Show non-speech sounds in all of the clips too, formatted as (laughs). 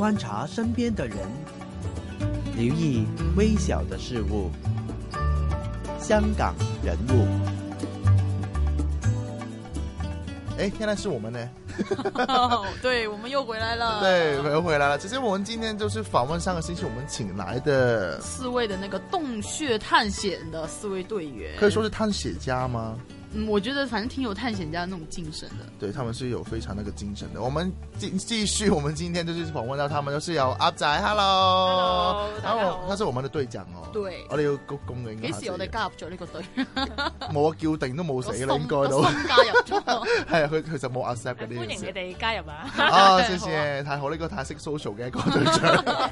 觀察身邊的人，留意微小的事物。香港人物，哎，看來是我們呢。 (laughs) 對，我們又回來了。對，我們又回來了。其實我們今天就是訪問上個星期我們請來的四位的那個洞穴探險的四位隊員，可以說是探險家嗎？嗯，我覺得反正挺有探險家那種精神的。對，他們是有非常那個精神的。我們繼繼續，我們今天就是訪問到他們，就是有阿仔，Hello，Hello，他是我們的隊長哦。對，我哋要共共鳴一下。幾時我哋加入咗呢個隊？我叫定都冇死啦，應該都。我新加入。係，佢佢就冇 accept 嘅呢啲。歡迎你哋加入啊！啊，謝謝，太好，呢個太識 social 嘅一個隊長。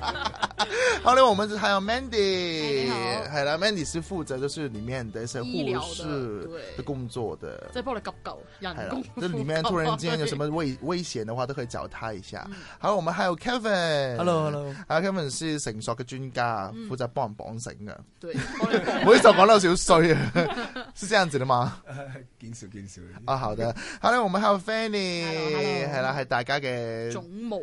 好啦，我們還有 Mandy，係啦，Mandy 是負責就是裏面的一些護士的工作的，即係幫你急救，係啦，即係裏面突然之間有什麼危危險的話，都可以找他一下。好，我們還有 Kevin，Hello，Hello，Kevin 是繩索嘅專家，負責幫人綁繩嘅，對，唔好意思講到少衰啊，是這樣子的嗎？見笑見笑。啊好的，好啦，我們還有 Fanny，係啦，係大家嘅總務。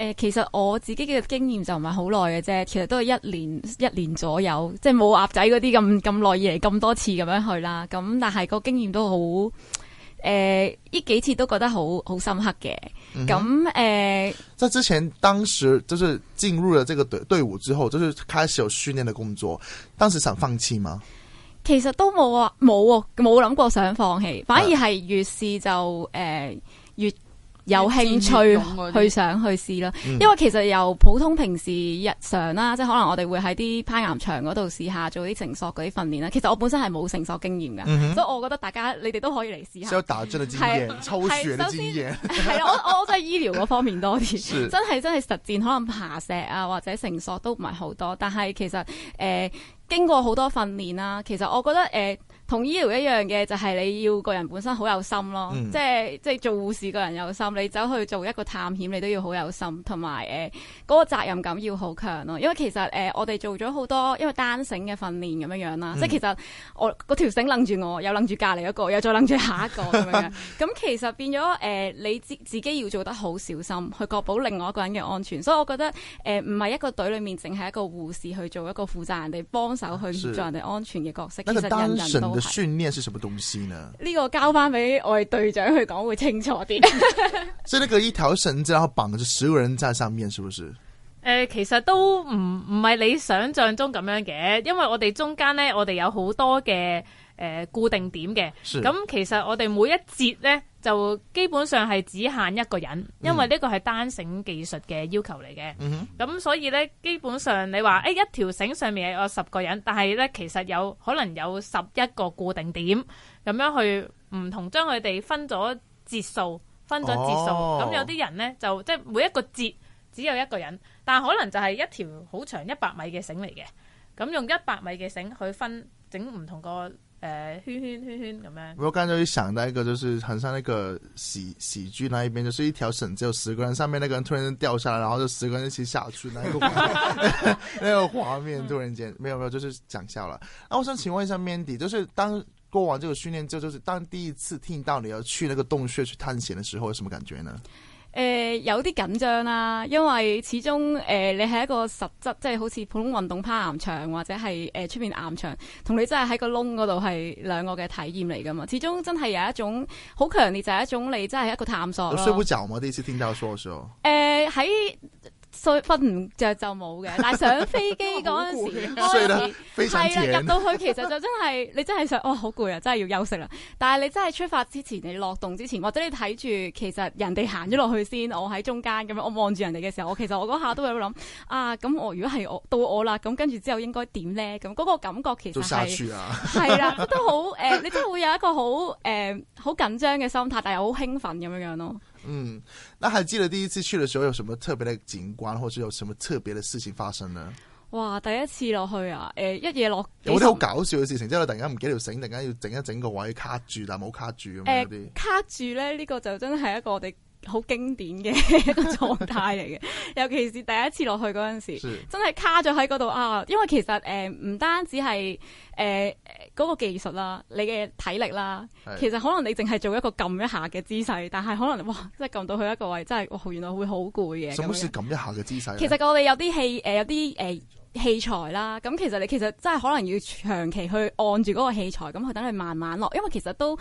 誒、呃，其實我自己嘅經驗就唔係好耐嘅啫，其實都係一年一年左右，即係冇鴨仔嗰啲咁咁耐以嚟，咁多次咁樣去啦。咁但係個經驗都好，誒、呃，呢幾次都覺得好好深刻嘅。咁誒、嗯哼，即係、呃、之前當時就是進入咗呢個隊隊伍之後，就是開始有訓練嘅工作。當時想放棄嗎？其實都冇啊，冇冇諗過想放棄，反而係越試就誒、啊呃、越。有興趣去想去試咯，因為其實由普通平時日常啦，嗯、即係可能我哋會喺啲攀岩場嗰度試下做啲繩索嗰啲訓練啦。其實我本身係冇繩索經驗嘅、嗯、所以我覺得大家你哋都可以嚟試下。首先， (laughs) 我我真係醫療嗰方面多啲是，真係真係實戰可能爬石啊或者繩索都唔係好多，但係其實誒、呃、經過好多訓練啦，其實我覺得誒。呃同醫療一樣嘅就係、是、你要個人本身好有心咯，嗯、即係即係做護士個人有心，你走去做一個探險，你都要好有心，同埋誒嗰個責任感要好強咯。因為其實誒、呃、我哋做咗好多因為單繩嘅訓練咁樣樣啦，嗯、即係其實我嗰條繩擰住我，又擰住隔離一個，又再擰住下一個咁樣。咁 (laughs) 其實變咗誒、呃、你自自己要做得好小心，去確保另外一個人嘅安全。所以我覺得誒唔係一個隊裏面淨係一個護士去做一個負責人哋幫手去做人哋安全嘅角色，是其實人人都。訓練是什麼東西呢？呢個交翻俾我哋隊長去講會清楚啲。即係嗰一條繩子，然後綁住十個人喺上面，是不是？誒、呃，其實都唔唔係你想象中咁樣嘅，因為我哋中間咧，我哋有好多嘅誒、呃、固定點嘅。咁是其實我哋每一節咧。就基本上係只限一個人，因為呢個係單繩技術嘅要求嚟嘅。咁、嗯、哼所以呢，基本上你話誒一條繩上面有十個人，但係呢其實有可能有十一個固定點，咁樣去唔同將佢哋分咗節數，分咗節數，咁、哦、有啲人呢就即係每一個節只有一個人，但可能就係一條好長一百米嘅繩嚟嘅。咁用一百米嘅繩去分整唔同個。誒，圈圈圈圈咁樣。 (noise) 嗯、我剛才就想到一個，就是很像那個喜喜劇那一邊，就是一條繩只有十個人，上面那個人突然間掉下來，然後就十個人一起下去， (laughs) (laughs) 那個那個畫面突然間， (laughs) 沒有沒有，就是講笑了。那、啊、我想請問一下 Mandy，就是當過完這個訓練就就是當第一次聽到你要去那個洞穴去探險的時候，有什麼感覺呢？誒、呃、有啲緊張啦、啊，因為始終誒、呃、你係一個實質，即係好似普通運動攀岩場或者係誒出面岩場，同你真係喺個窿嗰度係兩個嘅體驗嚟㗎嘛。始終真係有一種好強烈，就係一種你真係一個探索。我睡不著嘛，第一次聽到說嗦。誒喺、呃。睡瞓唔著就冇嘅，但上飛機嗰陣時，哇， (laughs) 係啦， (laughs) 入到去其實就真係你真係想，哦，好攰啊，真係要休息啦。但係你真係出發之前，你落洞之前，或者你睇住其實人哋行咗落去先，我喺中間咁樣，我望住人哋嘅時候，我其實我嗰下都會諗，啊，咁我如果係我到我啦，咁跟住之後應該點咧？咁嗰個感覺其實係係啦，都好誒、呃，你真係會有一個好誒好緊張嘅心態，但又好興奮咁樣囉。咯。嗯，那還知你第一次去嘅時候有什麼特別的景觀，或者有什麼特別的事情發生呢？哇，第一次落去啊，誒、呃，一嘢落有啲好搞笑嘅事情，即係突然間唔記得條繩，突然間要整一整個位卡住，但係冇卡住咁樣啲卡住咧，呢、這個就真係一個我哋，好經典嘅一個狀態嚟嘅， (laughs) 尤其是第一次落去嗰陣時，是真係卡咗喺嗰度啊！因為其實唔、呃、單止係嗰、呃嗰個技術啦，你嘅體力啦，是其實可能你淨係做一個撳一下嘅姿勢，但係可能哇，即係撳到去一個位，真係哇，原來會好攰嘅。什麼是撳一下嘅姿勢？其實我哋有啲戲、呃、有啲器材啦，咁其實你其實真係可能要長期去按住嗰個器材，咁去等佢慢慢落，因為其實都誒、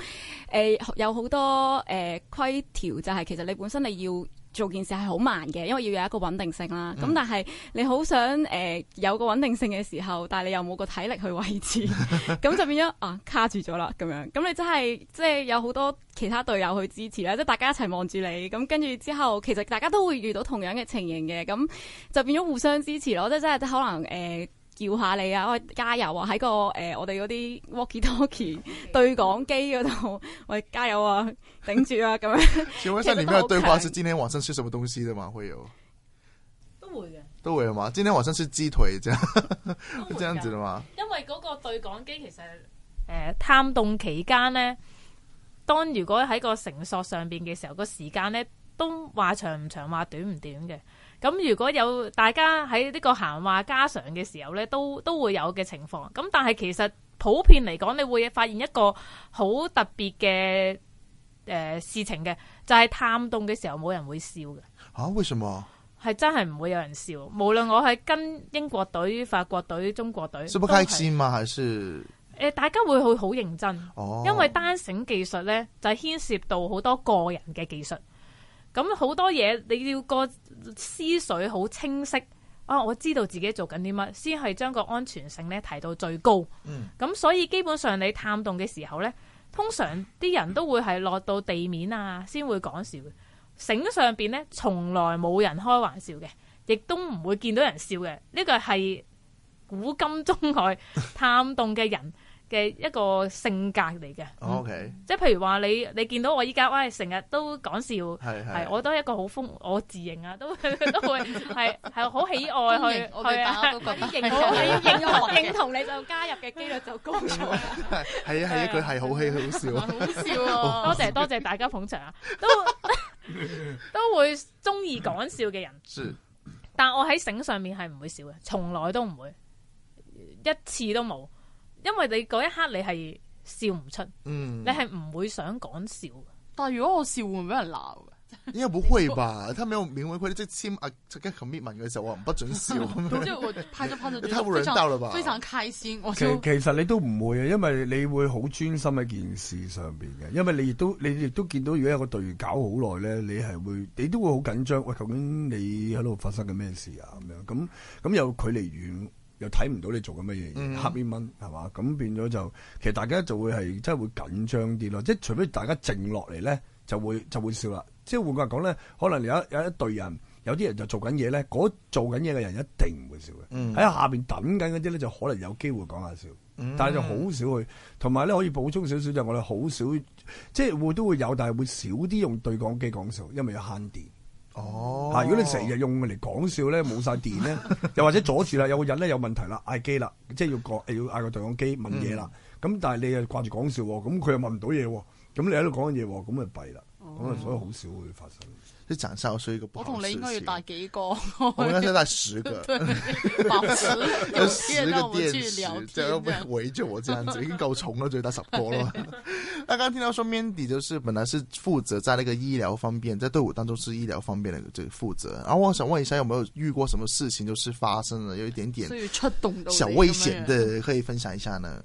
呃、有好多誒、呃、規條，就係其實你本身你要做件事係好慢嘅，因為要有一個穩定性啦。咁、嗯、但係你好想誒、呃、有個穩定性嘅時候，但係你又冇個體力去維持，咁 (laughs) 就變咗啊卡住咗啦咁樣。咁你真係即係有好多其他隊友去支持啦，即係大家一齊望住你。咁跟住之後，其實大家都會遇到同樣嘅情形嘅，咁就變咗互相支持咯。即係可能誒。呃叫下你啊！喂、哎，加油啊！喺個誒、呃，我哋嗰啲 walkie-talkie 對講機嗰度，喂、哎，加油啊！頂住啊！咁樣，請問下你們嘅對話是今天晚上食什麼東西的嘛？會有都會嘅，都會嘛？今天晚上食雞腿，這樣係這樣子的嗎？因為嗰個對講機其實誒，探洞、呃、期間咧，當如果喺個繩索上邊嘅時候，個時間咧。都話長唔長，話短唔短嘅。咁如果有大家喺呢個閒話家常嘅時候呢，都都會有嘅情況。咁但係其實普遍嚟講，你會發現一個好特別嘅、呃、事情嘅，就係、是、探洞嘅時候冇人會笑嘅啊。為什麼係真係唔會有人笑？無論我係跟英國隊、法國隊、中國隊，是不開心嗎？還是、呃、大家會去好認真，哦、因為單繩技術呢，就牽涉到好多個人嘅技術。咁好多嘢你要個思緒好清晰啊，我知道自己做緊啲乜，先係將個安全性咧提到最高。嗯、咁所以基本上你探洞嘅時候咧，通常啲人都會係落到地面啊，先會講笑。繩 (laughs) 上邊咧從來冇人開玩笑嘅，亦都唔會見到人笑嘅。呢個係古今中外探洞嘅人。 (laughs) 嘅一個性格嚟嘅，oh, okay. 即係譬如話你，你見到我依家，喂，成日都講笑，係係，我都係一個好瘋，我自認啊，都 (laughs) 都會係係好喜愛去係啊，有啲認同認同你就加入嘅機率就高咗。係啊係啊，佢係好喜好笑， (laughs) 好笑，啊，多謝多謝大家捧場啊，都 (laughs) 都會中意講笑嘅人，是但我喺繩上面係唔會笑嘅，從來都唔會，一次都冇。因為你嗰一刻你係笑唔出，嗯，你係唔會想講笑。但係如果我笑會唔會俾人鬧嘅，應該不會吧？佢咪有免會規即簽阿 commitment 嘅時候我唔不准笑，咁即拍我拍咗拍咗，太好料啦吧？非常開心。其其實你都唔會嘅，因為你會好專心喺件事上邊嘅。因為你亦都你亦都見到，如果一個隊員搞好耐咧，你係會你都會好緊張。喂，究竟你喺度發生緊咩事啊？咁樣咁咁又距離遠。又睇唔到你做緊乜嘢，mm hmm. 黑面蚊，係嘛？咁變咗就，其實大家就會係真係會緊張啲咯。即係除非大家靜落嚟咧，就會就會笑啦。即係換句話講咧，可能有一有一隊人，有啲人就做緊嘢咧，嗰做緊嘢嘅人一定唔會笑嘅。喺、mm hmm. 下面等緊嗰啲咧，就可能有機會講下笑，mm hmm. 但係就好少去。同埋咧可以補充少少就，我哋好少，即係會都會有，但係會少啲用對講機講笑，因為要慳電。哦，如果你成日用嚟講笑咧，冇晒電咧， (laughs) 又或者阻住啦，有個人咧有問題啦，嗌機啦，即係要講，要嗌個對講機問嘢啦。咁、嗯、但係你又掛住講笑喎，咁佢又問唔到嘢喎，咁你喺度講緊嘢喎，咁咪弊啦。咁、嗯、所以好少會發生。就講笑，所以一個唔好。我同你應該要帶幾個？我，我應該要帶十個。八 (laughs) 十 (laughs) 有啲人聊天。視，這樣圍住我，這樣子， (laughs) 已經夠重啦，最的 (laughs) 大十個咯。剛剛聽到說，Mandy 就是，本來是負責在那個醫療方面，在隊伍當中是醫療方面的這個負責。然後我想問一下，有沒有遇過什麼事情，就是發生了有一點點小危險的，可以分享一下呢？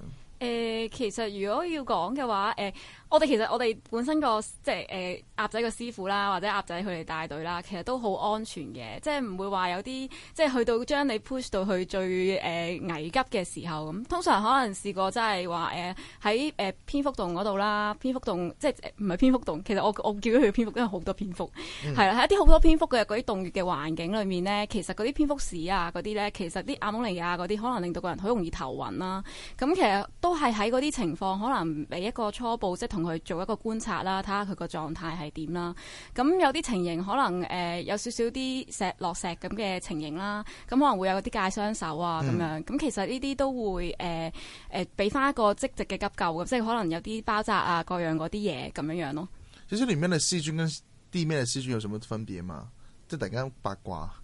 誒、呃，其實如果要講嘅話，誒、呃，我哋其實我哋本身個即係誒鴨仔個師傅啦，或者鴨仔佢哋帶隊啦，其實都好安全嘅，即係唔會話有啲即係去到將你 push 到去最誒、呃、危急嘅時候咁。通常可能試過即係話，誒喺誒蝙蝠洞嗰度啦，蝙蝠洞即係唔係蝙蝠洞，其實我我叫佢蝙蝠，因為好多蝙蝠係啦，喺、嗯、一啲好多蝙蝠嘅嗰啲洞穴嘅環境裏面呢，其實嗰啲蝙蝠屎啊，嗰啲咧，其實啲阿蒙尼亞啊，嗰啲可能令到個人好容易頭暈啦。咁其實都。都係喺嗰啲情況，可能俾一個初步，即係同佢做一個觀察啦，睇下佢個狀態係點啦。咁有啲情形可能誒、呃，有少少啲石落石咁嘅情形啦。咁可能會有啲界傷手啊，咁樣。咁、嗯、其實呢啲都會誒誒，俾、呃、翻一個積極嘅急救，即係可能有啲包紮啊，各樣嗰啲嘢咁樣樣咯。有少少咩嘅師尊跟啲咩嘅師尊有什麼分別啊？嘛，即係突然間八卦。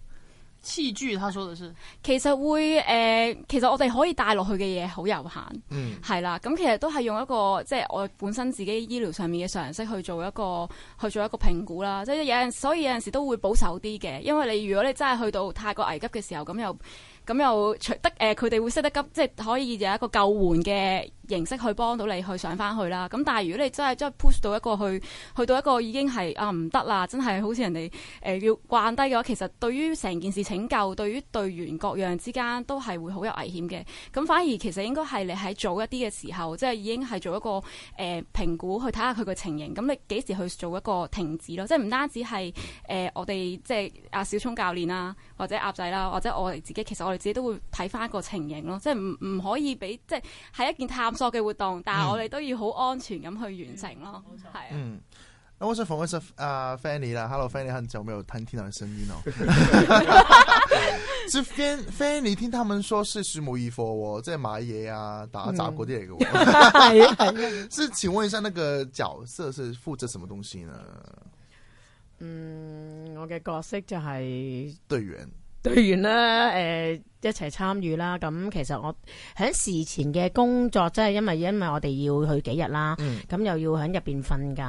器具，他說的是，其實會誒、呃，其實我哋可以帶落去嘅嘢好有限，嗯，係啦，咁其實都係用一個即係、就是、我本身自己醫療上面嘅常識去做一個去做一個評估啦，即係有陣，所以有陣時，有時都會保守啲嘅，因為你如果你真係去到太過危急嘅時候，咁又咁又得誒，佢哋會識得急，即、呃、係可以有一個救援嘅。形式去幫到你去上翻去啦，咁但係如果你真係真係 push 到一個去，去到一個已經係啊唔得啦，真係好似人哋誒、呃、要慣低嘅話，其實對於成件事情拯救，對於隊員各樣之間都係會好有危險嘅。咁反而其實應該係你喺早一啲嘅時候，即係已經係做一個誒評、呃、估，去睇下佢嘅情形。咁你幾時去做一個停止咯？即係唔單止係誒我哋即係阿小聰教練啦，或者鴨仔啦，或者我哋自己，其實我哋自己都會睇翻個情形咯。即係唔唔可以俾即係係一件探。做嘅活動，但係我哋都要好安全咁去完成咯，係啊。嗯，我想問一問阿 Fanny 啦，Hello Fanny，好耐冇聽到你聲音咯。Fanny，Fanny，聽他們說是鼠目魚貨，即係買嘢啊、打雜嗰啲嚟嘅。係啊，是，請問一下，那個角色是負責什麼東西呢？嗯，我嘅角色就係隊員。對完、呃、啦，誒，一齊參與啦。咁其實我喺事前嘅工作，即係因為因為我哋要去幾日啦，咁、嗯、又要喺入邊瞓覺，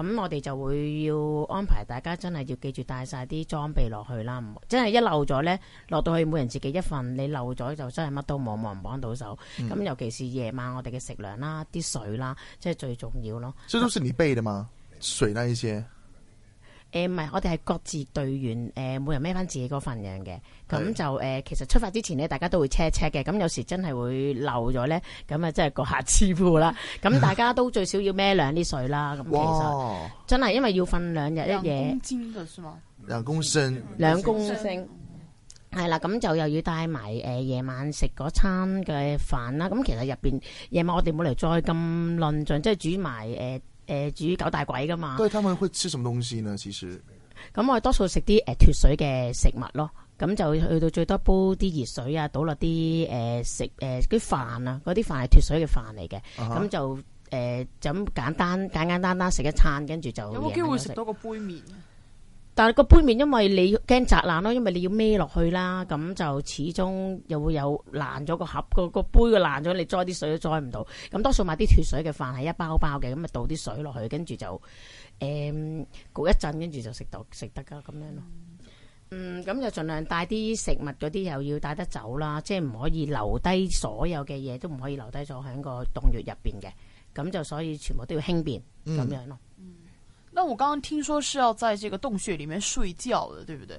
咁我哋就會要安排大家真係要記住帶晒啲裝備落去啦。唔，真係一漏咗呢，落到去每人自己一份，你漏咗就真係乜都冇，冇人幫到手。咁、嗯、尤其是夜晚我哋嘅食糧啦，啲水啦，即係最重要咯。所以都是你備的嗎？那水那一些？誒，唔係、呃，我哋係各自隊員誒、呃，每人孭翻自己嗰份量嘅，咁就誒、呃，其實出發之前咧，大家都會 check check 嘅，咁有時真係會漏咗咧，咁啊，即係閣下自負啦。咁大家都最少要孭兩啲水啦，咁其實真係因為要瞓兩日哇一夜。兩公升嘅算嗎？兩公升。嗯、兩公升。係啦、嗯，咁就又要帶埋、呃、夜晚食嗰餐嘅飯啦。咁其實入面，夜晚我哋冇嚟再咁論盡，即係煮埋誒、呃，煮九大簋噶嘛？對，他們會吃什麼東西呢？其實咁、嗯、我哋多數食啲誒脱水嘅食物咯，咁就去到最多煲啲熱水啊，倒落啲誒食誒啲飯啊，嗰啲飯係脱水嘅飯嚟嘅，咁、uh huh. 嗯、就誒、呃、就咁簡單，簡簡單單食一餐，跟住就我吃有冇機會食多個杯麵。但係個杯麵，因為你驚砸爛咯，因為你要孭落去啦，咁就始終又會有爛咗個盒，個杯個爛咗，你載啲水都載唔到。咁多數買啲脫水嘅飯係一包包嘅，咁咪倒啲水落去，跟住就誒、嗯、焗一陣，跟住就食到食得噶咁樣咯。嗯、咁、嗯、就盡量帶啲食物嗰啲又要帶得走啦，即係唔可以留低所有嘅嘢，都唔可以留低咗喺個洞穴入邊嘅。咁就所以全部都要輕便咁、嗯、樣咯。那我剛剛聽說是要在這個洞穴裏面睡覺的，對不對？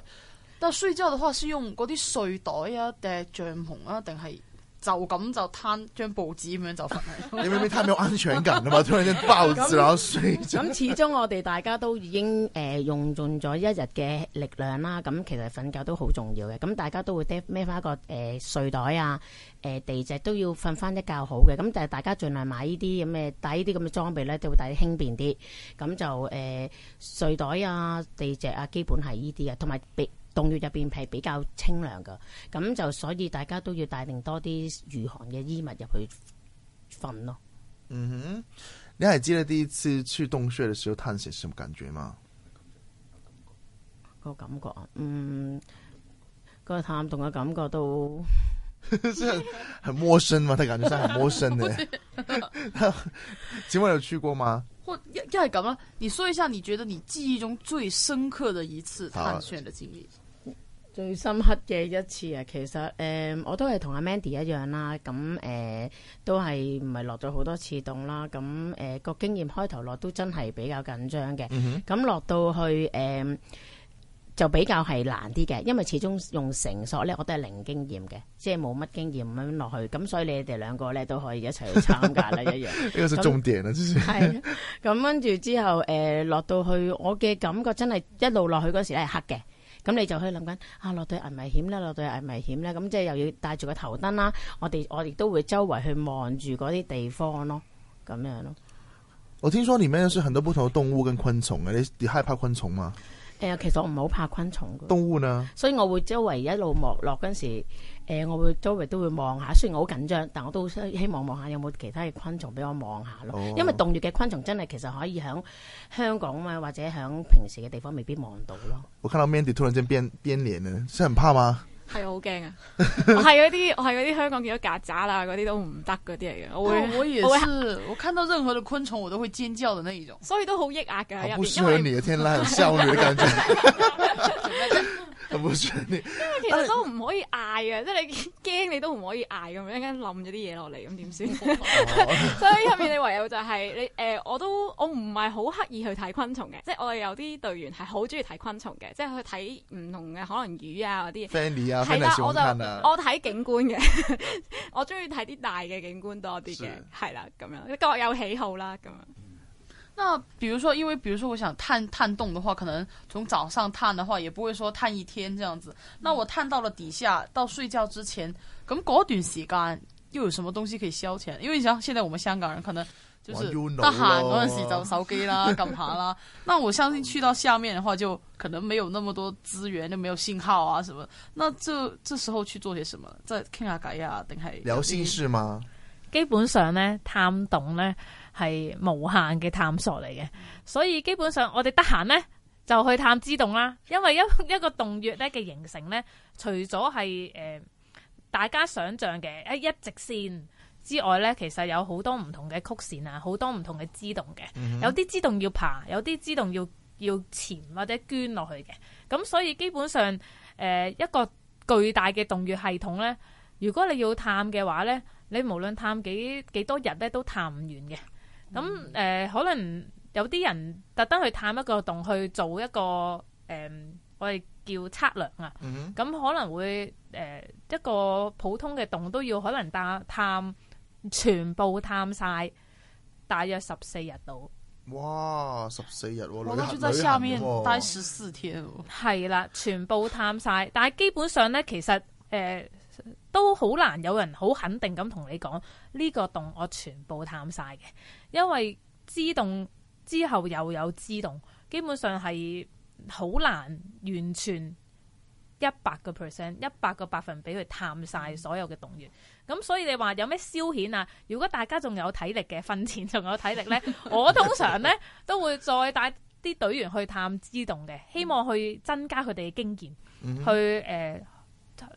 那睡覺的話是用嗰啲睡袋啊、定係帳篷啊，定係？就咁就攤張報紙咁樣就瞓。 (laughs) 你明明他冇安全感啊嘛，突然間包紙啊睡 (laughs) 那。咁 (laughs) 始終我哋大家都已經誒、呃、用盡咗一日嘅力量啦。咁其實瞓覺都好重要嘅。咁大家都會孭孭翻一個、呃、睡袋啊、誒、呃、地墊都要瞓翻一覺好嘅。咁但係大家儘量買呢啲咁嘅帶呢啲咁嘅裝備咧，都會帶啲輕便啲。咁就誒、呃、睡袋啊、地墊啊，基本係呢啲呀。同埋洞穴入邊係比較清涼噶，咁就所以大家都要帶定多啲御寒嘅衣物入去瞓咯。嗯哼，你還記得第一次去洞穴嘅時候探險是什麼感覺嗎？個感覺啊，嗯，那個探洞嘅感覺都，即係 (laughs) 很，很陌生嘛，個 (laughs) 感覺真係很陌生嘅。請問有去過嗎？或，又係咁啊？你說一下，你覺得你記憶中最深刻的一次探險嘅經歷？最深刻嘅一次啊，其實誒、呃，我都係同阿 Mandy 一樣啦，咁誒、呃、都係唔係落咗好多次洞啦，咁誒個經驗開頭落都真係比較緊張嘅，咁落、嗯、哼到去誒、呃、就比較係難啲嘅，因為始終用繩索咧，我都係零經驗嘅，即係冇乜經驗咁落去，咁所以你哋兩個咧都可以一齊去參加啦一樣，呢個係重點啦，係咁跟住之後誒落、呃、到去，我嘅感覺真係一路落去嗰時咧係黑嘅。咁你就可以諗緊，啊落對危險咧，落對危險咧，咁即係又要帶住個頭燈啦。我哋我亦都會周圍去望住嗰啲地方咯，咁樣咯。我聽說裏面有很多不同嘅動物跟昆蟲，你你害怕昆蟲嗎？誒、呃，其實我唔係好怕昆蟲噶，洞穴呢，所以我會周圍一路望落嗰時候，誒、呃，我會周圍都會望下。雖然我好緊張，但我都希望望下有冇其他嘅昆蟲俾我望下咯。哦、因為洞穴嘅昆蟲真係其實可以響香港啊嘛，或者響平時嘅地方未必望到咯。我看到 Mandy 突然間變變臉咧，是很怕嗎？係好驚啊！我係嗰啲，我係嗰啲香港見到曱甴啦，嗰啲都唔得嗰啲嚟嘅。我會、哦、我也是，我，會我看到任何的昆蟲，我都會尖叫的那一種。所以都抑壓的好抑壓嘅。我唔適合你，你的天籟，有少女感覺。 (laughs) (laughs) 咁因為其實都唔可以嗌嘅，啊、即係你驚你都唔可以嗌咁樣，一陣間冧咗啲嘢落嚟咁點算？ (laughs) 所以入面你唯有就係、是、你誒、呃，我都我唔係好刻意去睇昆蟲嘅，即係我哋有啲隊員係好中意睇昆蟲嘅，即係去睇唔同嘅可能魚啊嗰啲。Fanny 啊，我就的我睇景觀嘅，我中意睇啲大嘅景觀多啲嘅，係啦咁樣，各有喜好啦咁樣。那，比如說，因為，比如說，我想探探洞的話，可能從早上探的話，也不會說探一天這樣子。那我探到了底下，到睡覺之前，咁嗰段時間又有什麼東西可以消遣？因為你想，現在我們香港人可能就是得閒嗰陣時就手機啦、幹嘛啦。 (laughs) 那我相信去到下面的話就，就可能沒有那麼多資源，就沒有信號啊什麼。那這這時候去做些什麼？再傾下偈啊，定係、啊、聊心事嗎？基本上呢，探洞呢。係無限嘅探索嚟嘅，所以基本上我哋得閒呢就去探支洞啦。因為一一個洞穴咧嘅形成呢，除咗係誒大家想象嘅一直線之外呢，其實有好多唔同嘅曲線啊，好多唔同嘅支洞嘅。Mm hmm. 有啲支洞要爬，有啲支洞要要潛或者捐落去嘅。咁所以基本上誒、呃、一個巨大嘅洞穴系統呢，如果你要探嘅話呢，你無論探幾幾多，多日呢，都探唔完嘅。咁誒、呃，可能有啲人特登去探一個洞去做一個誒、嗯，我哋叫測量啊。咁、mm hmm. 可能會誒、呃、一個普通嘅洞都要可能探探全部探晒，大約十四日度。哇！十四日喎，你喺下面待十四天喎。係啦，全部探晒。但係基本上咧，其實誒、呃都好難有人好肯定咁同你講呢、呢個洞我全部探晒嘅，因為支洞之後又有支洞，基本上係好難完全一百個 percent、一百個百分比去探晒所有嘅洞員。咁所以你話有咩消遣啊？如果大家仲有體力嘅，瞓前仲有體力呢， (laughs) 我通常呢 (laughs) 都會再帶啲隊員去探支洞嘅，希望去增加佢哋嘅經驗，嗯、哼去誒。呃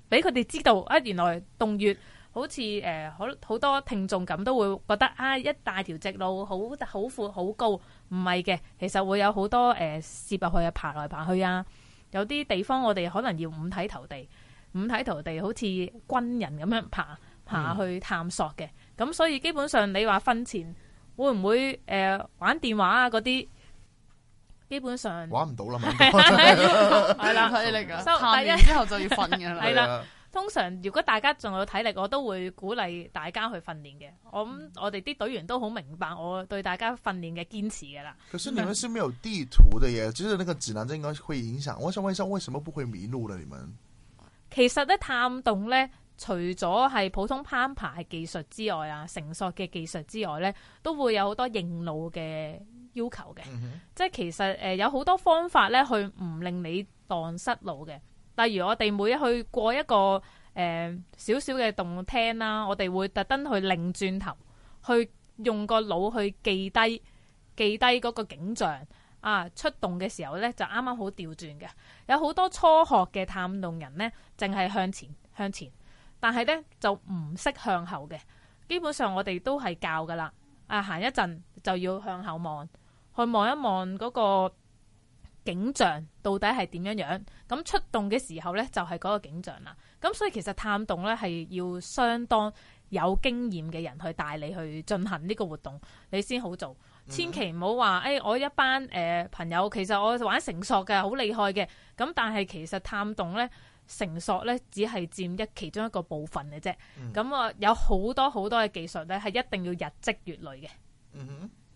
俾佢哋知道啊！原來洞穴好似、呃、好好多聽眾咁，都會覺得啊，一大條直路好好闊好高。唔係嘅，其實會有好多誒，攝、呃、入去啊，爬來爬去啊。有啲地方我哋可能要五體投地，五體投地，好似軍人咁樣爬、嗯、爬去探索嘅。咁所以基本上你話瞓前會唔會、呃、玩電話啊嗰啲？基本上玩唔到啦，係啦， (laughs) 了收體力啊，訓練之後就要瞓嘅啦。係啦，通常如果大家仲有體力，我都會鼓勵大家去訓練嘅。我諗、嗯、我哋啲隊員都好明白我對大家訓練嘅堅持嘅啦。可是你們是沒有地圖嘅，嘢、嗯，只是那個指南針應該會影響。我想問一下，為什麼不會迷路呢？你們其實咧探洞咧，除咗係普通攀爬技術之外啊，繩索嘅技術之外咧，都會有好多認路嘅要求嘅，嗯、哼即係其實誒有好多方法咧，去唔令你蕩失路嘅。例如我哋每一去過一個誒少少嘅洞廳啦，我哋會特登去擰轉頭，去用個腦去記低記低嗰個景象啊。出洞嘅時候咧，就啱啱好調轉嘅。有好多初學嘅探洞人咧，淨係向前向前，但係咧就唔識向後嘅。基本上我哋都係教噶啦，啊行一陣就要向後望。去望一望嗰個景象，到底係點樣樣？咁出洞嘅時候呢，就係嗰個景象啦。咁所以其實探洞呢，係要相當有經驗嘅人去帶你去進行呢個活動，你先好做。Mm hmm. 千祈唔好話，誒、哎、我一班、呃、朋友，其實我玩繩索嘅好厲害嘅。咁但係其實探洞呢，繩索呢，只係佔一其中一個部分嘅啫。咁我、mm hmm. 有好多好多嘅技術呢係一定要日積月累嘅。嗯、mm hmm.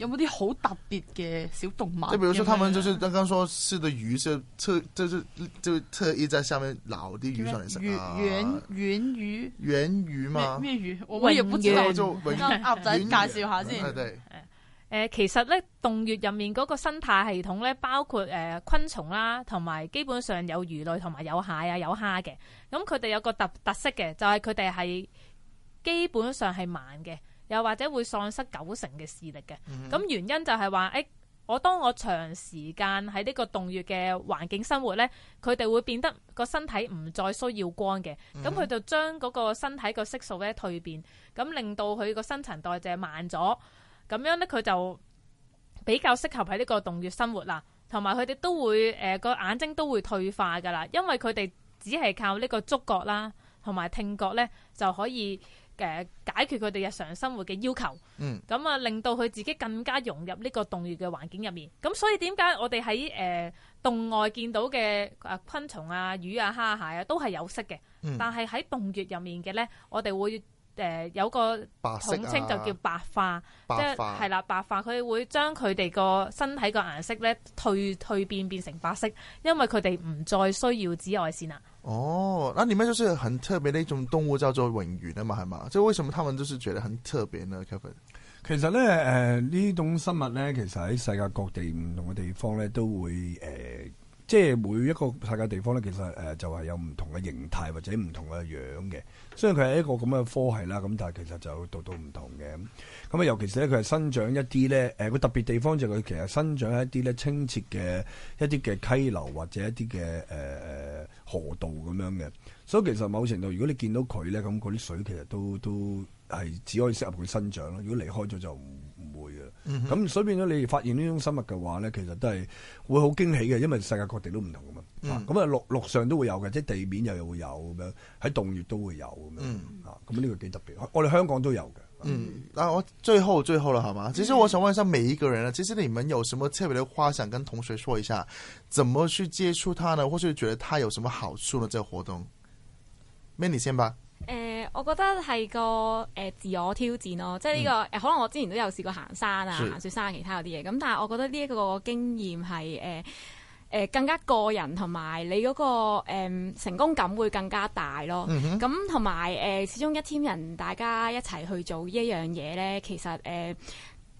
有冇啲好特別嘅小動物？就比如說他們就是剛剛說試的魚是特就就特意在下面撈啲魚上嚟食啊！原原魚、原魚嗎？咩魚，魚，魚？我又唔知道。言就鴨仔介紹下先。係對 (laughs) 魚。誒，其實咧，洞穴入面嗰個生態系統咧，包括誒、呃、昆蟲啦，同埋基本上有魚類，同埋有蟹啊，有蝦嘅。咁佢哋有個特特色嘅，就係佢哋係基本上係慢嘅。又或者會喪失九成嘅視力嘅，咁、嗯、哼原因就係、是、話：誒、哎，我當我長時間喺呢個洞穴嘅環境生活咧，佢哋會變得個身體唔再需要光嘅，咁佢、嗯、哼就將嗰個身體個色素咧退變，咁令到佢個新陳代謝慢咗，咁樣咧佢就比較適合喺呢個洞穴生活啦。同埋佢哋都會誒個、呃、眼睛都會退化噶啦，因為佢哋只係靠呢個觸覺啦，同埋聽覺咧就可以。誒解決佢哋日常生活嘅要求，咁啊、嗯、令到佢自己更加融入呢個洞穴嘅環境入面。咁所以點解我哋喺誒洞外見到嘅誒昆蟲啊、魚啊、蝦蟹啊都係有色嘅，嗯、但係喺洞穴入面嘅咧，我哋會。誒、呃，有個統稱就叫白化，白啊、即係係啦，白化佢會將佢哋個身體個顏色咧退退變變成白色，因為佢哋唔再需要紫外線啦。哦，那裏面就是很特別的一種動物叫做蠑螈啊嘛，係嘛？即係為什麼他們都是覺得很特別呢,呢,、呃、呢？其實咧，誒呢種生物咧，其實喺世界各地唔同嘅地方咧都會誒。呃即係每一個世界地方咧，其實、呃、就係、是、有唔同嘅形態或者唔同嘅樣嘅。雖然佢係一個咁嘅科系啦，咁但係其實就度到唔同嘅。咁、嗯、啊，尤其是咧，佢係生長一啲咧誒，個、呃、特別地方就係佢其實生長喺一啲咧清澈嘅一啲嘅溪流或者一啲嘅誒河道咁樣嘅。所以其實某程度，如果你見到佢咧，咁嗰啲水其實都都係只可以適合佢生長咯。如果離開咗就咁所以變咗你哋發現呢種生物嘅話咧，其實都係會好驚喜嘅，因為世界各地都唔同噶嘛。咁、mm hmm. 啊，陸陸上都會有嘅，即係地面又又會有咁樣，喺洞穴都會有咁、mm hmm. 啊、樣。咁呢個幾特別。我哋香港都有嘅。嗯、啊 mm hmm. 啊。我最後最後啦，好嘛？其實我想問一下每一個人，其實你們有什麼特別嘅話想跟同學說一下？怎麼去接觸他呢？或者覺得他有什麼好處呢？這個活動，May、mm hmm. 你先吧。誒、呃，我覺得係個誒、呃、自我挑戰咯，即係呢、這個誒、嗯呃，可能我之前都有試過行山啊、行是雪山、啊、其他嗰啲嘢，咁但係我覺得呢一個經驗係誒誒更加個人，同埋你嗰、那個誒、呃、成功感會更加大咯。咁同埋誒，始終一隊人大家一齊去做一樣嘢咧，其實誒、呃、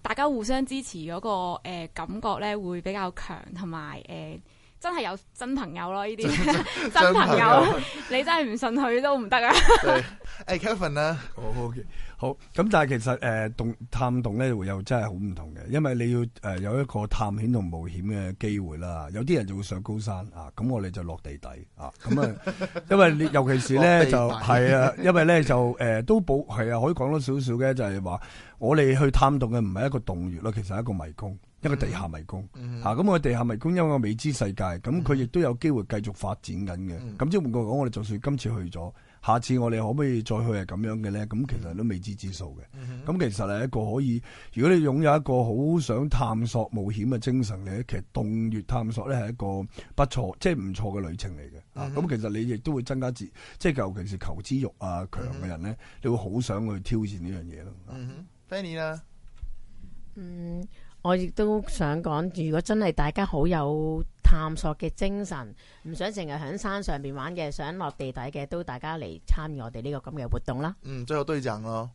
大家互相支持嗰、那個誒、呃、感覺咧會比較強，同埋誒。呃真係有真朋友咯！呢啲 (laughs) 真朋友，真朋友你真係唔信佢都唔得啊對！誒，Kevin 啦，OK，好。咁但係其實誒，洞、呃、探洞咧會有真係好唔同嘅，因為你要誒、呃、有一個探險同冒險嘅機會啦。有啲人就會上高山啊，咁我哋就落地底啊。咁啊，因為尤其是咧 (laughs) 地底 就係啊，因為咧就誒、呃、都保係啊，可以講多少少嘅就係話，我哋去探洞嘅唔係一個洞穴咯，其實係一個迷宮。一個地下迷宮，吓，咁個地下迷宮，因為個未知世界，咁佢亦都有機會繼續發展緊嘅。咁、嗯、哼即係換個講，我哋就算今次去咗，下次我哋可唔可以再去係咁樣嘅咧？咁其實都未知之數嘅。咁其實係一個可以，如果你擁有一個好想探索冒險嘅精神咧，其實洞穴探索咧係一個不錯，即係唔錯嘅旅程嚟嘅。咁、嗯哼啊、其實你亦都會增加自，即係尤其是求知欲啊強嘅人咧，你會好想去挑戰呢樣嘢咯。啊、嗯哼，嗯。我亦都想講，如果真係大家好有探索嘅精神，唔想淨係喺山上邊玩嘅，想落地底嘅，都大家嚟參與我哋呢個咁嘅活動啦。嗯，最後堆棧咯。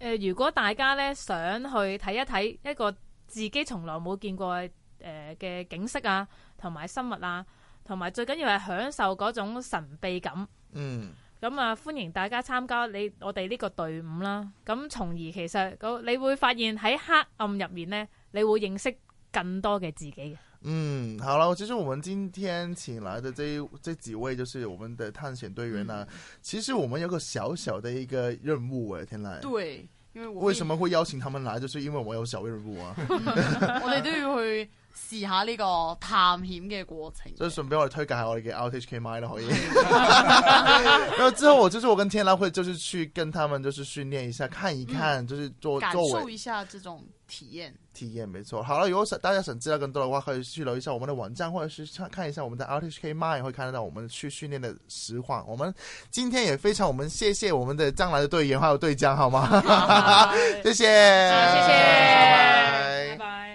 誒、呃，如果大家呢，想去睇一睇一個自己從來冇見過誒嘅、呃、景色啊，同埋生物啊，同埋最緊要係享受嗰種神秘感。嗯。咁啊，歡迎大家參加你我哋呢個隊伍啦。咁從而其實，你會發現喺黑暗入面呢，你會認識更多嘅自己嘅。嗯，好啦，其實我們今天請來的這這幾位，就是我們的探險隊員啦、啊。嗯、其實我們有個小小的一個任務誒、啊，天籟。對，因為我為什麼會邀請他們來，就是因為我有小任務啊。 (laughs) (laughs) 我哋都要去。試下呢個探險嘅過程，所以準備我哋推介下我哋嘅 Outage K Mine 都可以。然後之後我就是我跟天狼會就是去跟他們就是訓練一下，看一看就是做感受一下這種體驗。體驗沒錯。好了，如果想大家想知道更多嘅話，可以去留意一下我們的網站，或者是看看一下我們的 Outage K Mine 會看得到我們去訓練的實況。我們今天也非常，我們謝謝我們的將來的隊員還有隊長，好嗎？謝謝，謝謝，拜拜。